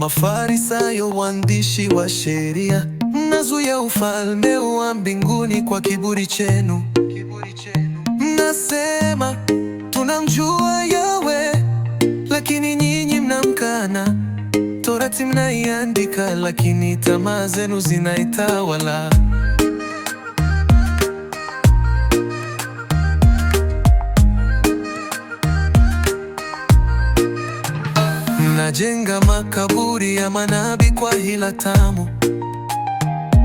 Mafarisayo, waandishi wa sheria, mnazuia ufalme wa mbinguni kwa kiburi chenu. Mnasema tunamjua Yawe, lakini nyinyi mnamkana. Torati mnaiandika, lakini tamaa zenu zinaitawala. Najenga makaburi ya manabii kwa hila tamu,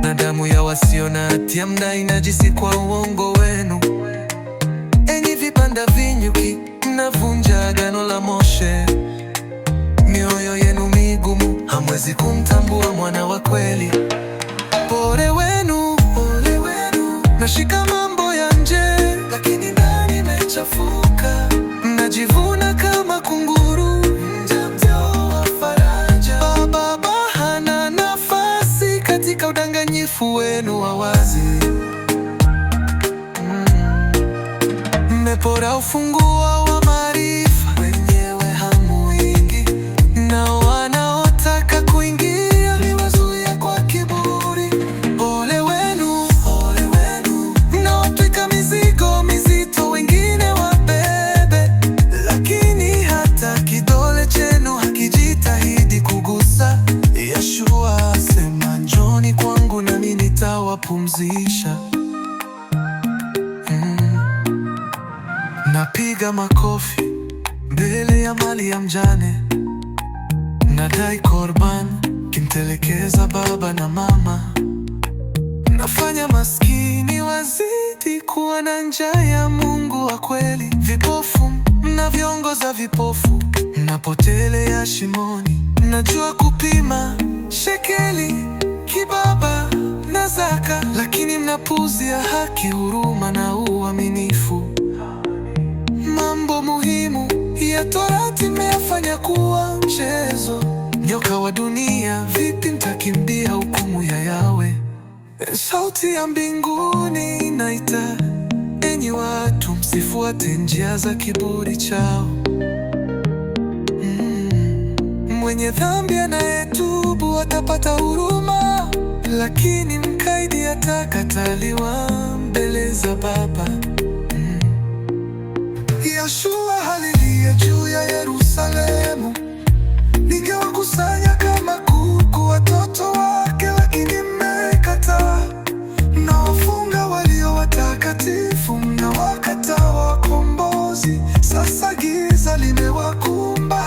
na damu ya wasio na hatia inajisi kwa uongo wenu. Enyi vibanda vinyuki, mnavunja agano la Moshe. Mioyo yenu migumu, hamwezi kumtambua mwana wa kweli. Pole wenu, pole wenu, nashika mambo ya nje, lakini ndani mechafuka, mnajivuna Pora ufungua wa maarifa, wenyewe hamuingi, na wanaotaka kuingia liwazuia kwa kiburi. Ole wenu, ole wenu, mnaotwika mizigo mizito, wengine wabebe, lakini hata kidole chenu hakijitahidi kugusa. Yeshua asema, njoni kwangu nami nitawapumzisha. Piga makofi mbele ya mali ya mjane, nadai korban kimtelekeza baba na mama, nafanya maskini wazidi kuwa na njaa ya Mungu wa kweli. Vipofu mnavyoongoza vipofu, napotelea shimoni, najua kupima shekeli kibaba na zaka, lakini ya haki, huruma na uaminifu. kuwa mchezo, nyoka wa dunia, vipi nitakimbia hukumu ya Yawe? Sauti ya mbinguni inaita, enyi watu msifuate njia za kiburi chao. Mm, mwenye dhambi anayetubu atapata huruma, lakini mkaidi atakataliwa mbele za Baba. Mm, Yashua halilia juu ya Yerusalemu imewakumba